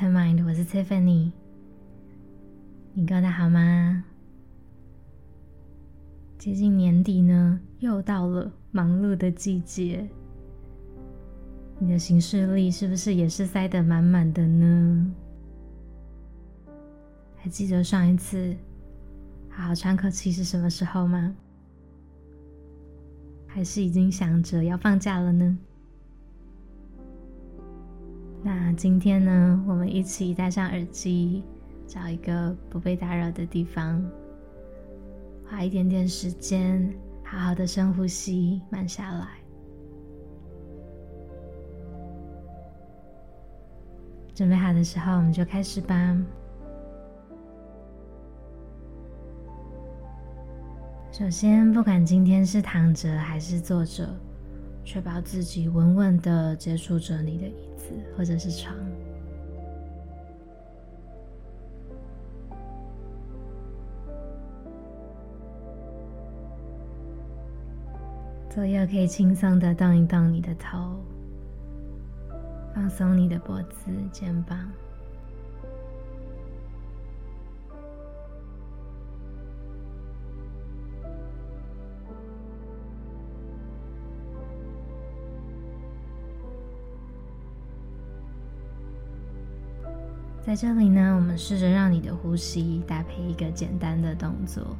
Mind 我是 Tiffany 你過得好嗎？接近年底呢，又到了忙碌的季節。你的行事曆是不是也是塞得滿滿的呢？還記得上一次好好喘口氣是什麼時候嗎？還是已經想着要放假了呢？那今天呢，我們一起戴上耳機，找一個不被打擾的地方，花一點點時間，好好的深呼吸，慢下來。準備好的時候，我們就開始吧。首先，不管今天是躺着還是坐着。確保自己穩穩的接觸着你的椅子或者是床，左右可以輕鬆的盪一盪你的頭，放鬆你的脖子、肩膀。在這裡呢，我們試着讓你的呼吸搭配一個簡單的動作。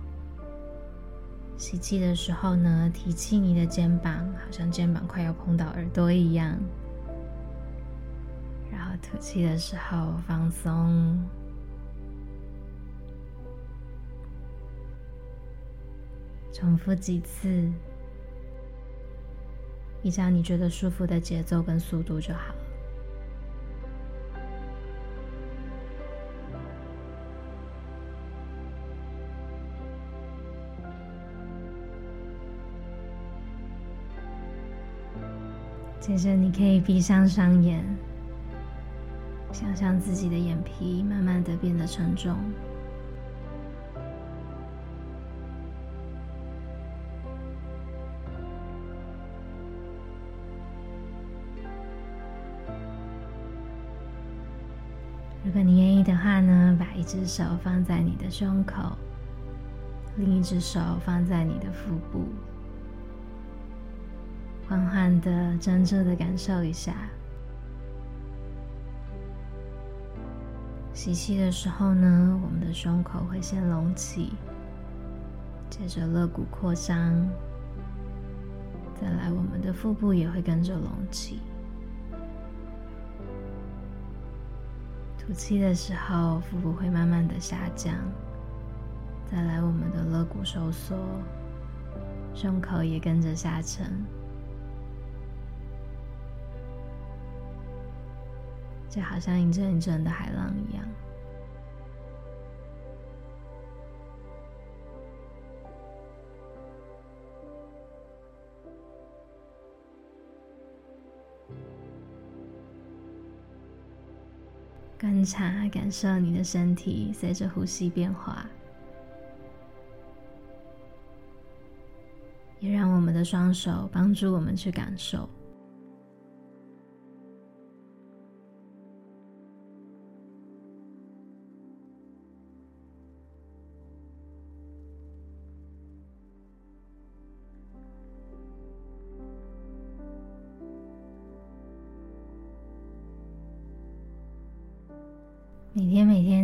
吸氣的時候呢，提起你的肩膀，好像肩膀快要碰到耳朵一樣；然後吐氣的時候放鬆。重複幾次，依照你覺得舒服的節奏跟速度就好了。先生，你可以閉上雙眼，想象自己的眼皮慢慢的變得沉重。如果你願意的話呢，把一隻手放在你的胸口，另一隻手放在你的腹部。緩緩的、專注的感受一下。吸氣的時候呢，我們的胸口會先隆起，接着肋骨擴張，再來我們的腹部也會跟着隆起。吐氣的時候，腹部會慢慢的下降，再來我們的肋骨收縮，胸口也跟着下沉。就好像一陣一陣的海浪一樣，觀察、感受你的身體隨着呼吸變化，也讓我們的雙手幫助我們去感受。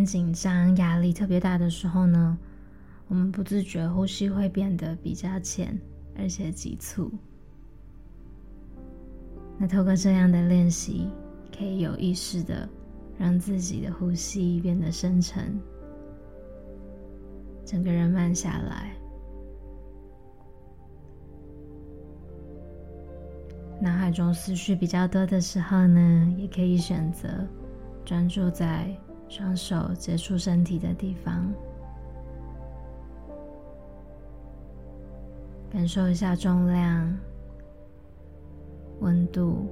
緊張、壓力特別大的時候呢，我們不自覺呼吸會變得比較淺，而且急促。那透過這樣的練習，可以有意識的讓自己的呼吸變得深沉，整個人慢下來。腦海中思緒比較多的時候呢，也可以選擇專注在。雙手接觸身體的地方，感受一下重量、溫度，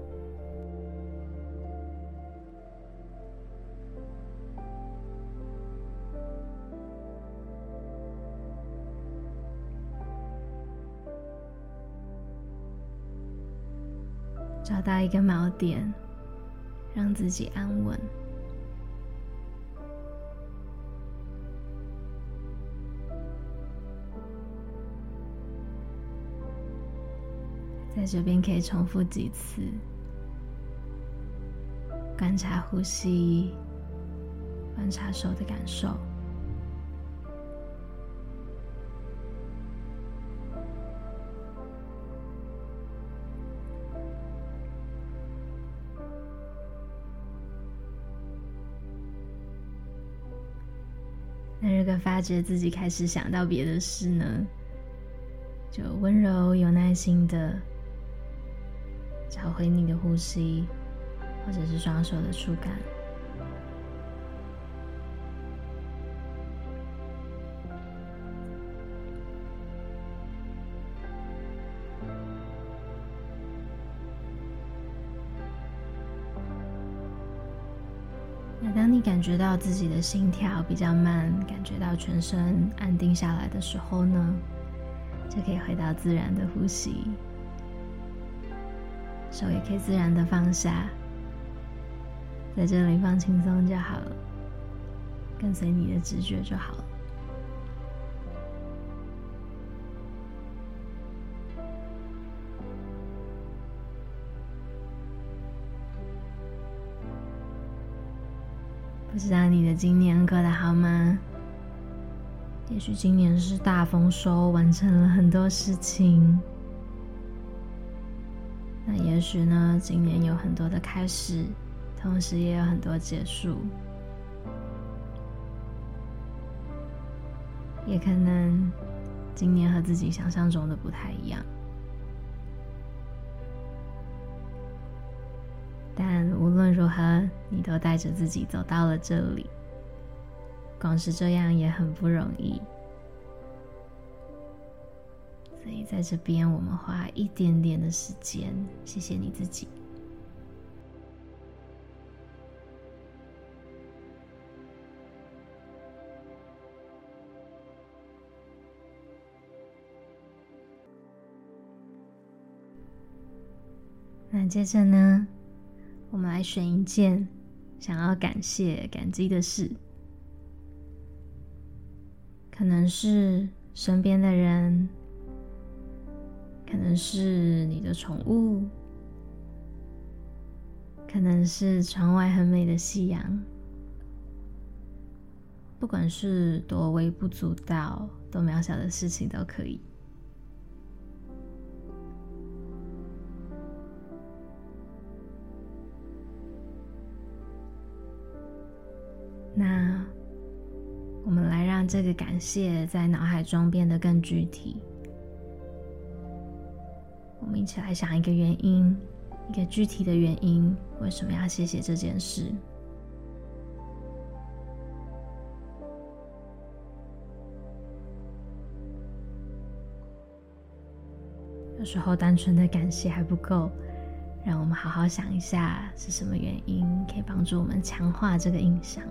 找到一個錨點，讓自己安穩。在這邊可以重複幾次，觀察呼吸，觀察手的感受。那如果發覺自己開始想到別的事呢，就溫柔、有耐心的。回你的呼吸，或者是雙手的觸感。那當你感覺到自己的心跳比較慢，感覺到全身安定下來的時候呢，就可以回到自然的呼吸。手也可以自然的放下，在這裡放輕鬆就好了，跟隨你的直覺就好了。不知道你的今年過得好嗎？也許今年是大豐收，完成了很多事情。那也許呢，今年有很多的開始，同時也有很多結束，也可能今年和自己想象中的不太一樣。但無論如何，你都帶着自己走到了這裡，光是這樣也很不容易。所以，在這邊，我們花一點點的時間，謝謝你自己。那接着呢，我們來選一件想要感謝、感激的事，可能是身邊的人。可能是你的寵物，可能是窗外很美的夕陽，不管是多微不足道、多渺小的事情都可以。那我們來讓這個感謝在腦海中變得更具體。我們一起來想一個原因，一個具體的原因，為什麼要謝謝這件事。有時候單純的感謝還不夠，讓我們好好想一下是什麼原因可以幫助我們強化這個印象。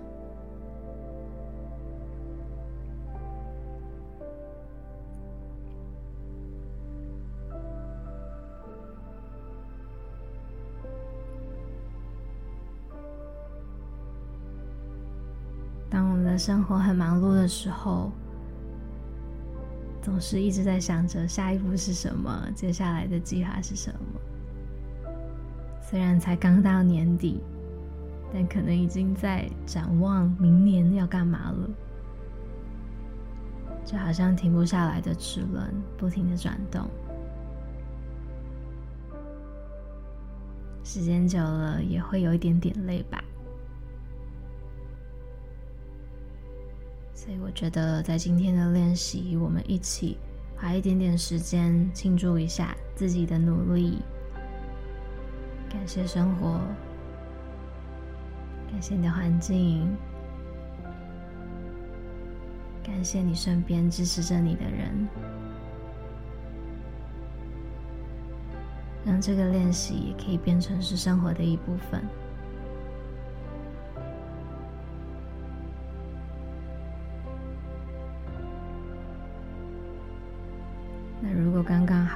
生活很忙碌的時候，總是一直在想着下一步是什麼，接下來的計劃是什麼。雖然才剛到年底，但可能已經在展望明年要幹嘛了。就好像停不下來的齒輪，不停的轉動。時間久了，也會有一點點累吧。所以我覺得，在今天的練習，我們一起花一點點時間慶祝一下自己的努力，感謝生活，感謝你的環境，感謝你身邊支持着你的人，讓這個練習也可以變成是生活的一部分。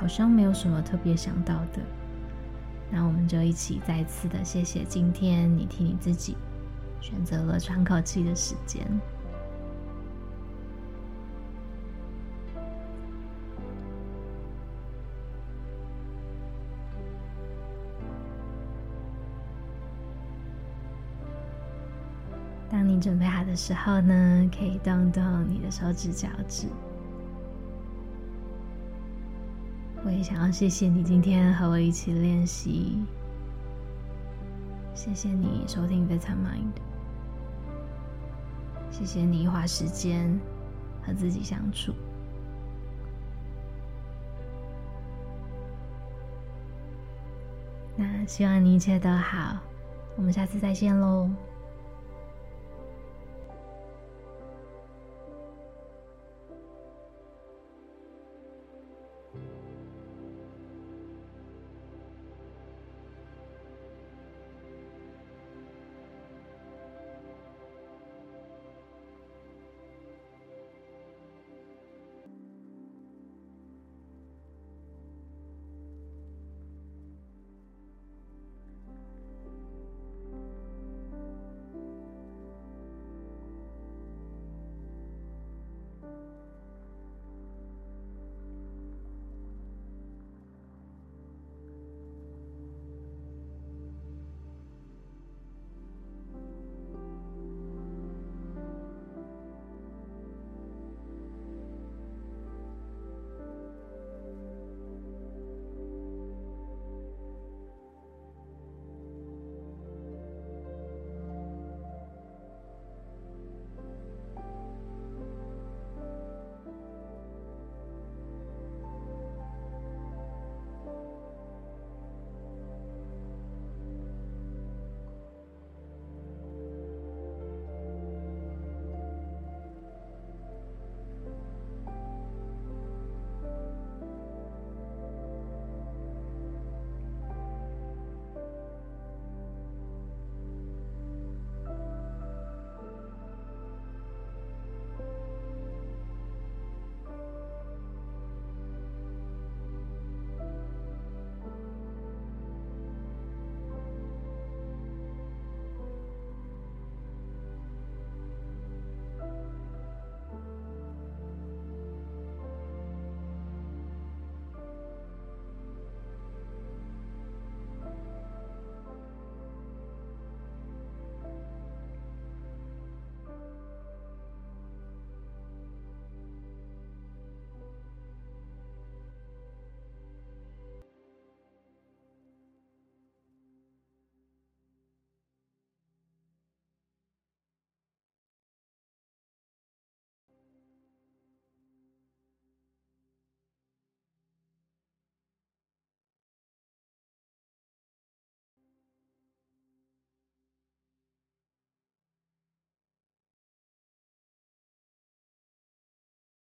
好像沒有什麼特別想到的，那我們就一起再次的謝謝今天你替你自己選擇了喘口氣的時間。當你準備好的時候呢，可以動動你的手指腳趾。我也想要謝謝你今天和我一起練習，謝謝你收聽《Vitamind》，謝謝你花時間和自己相處。那希望你一切都好，我們下次再見嘍。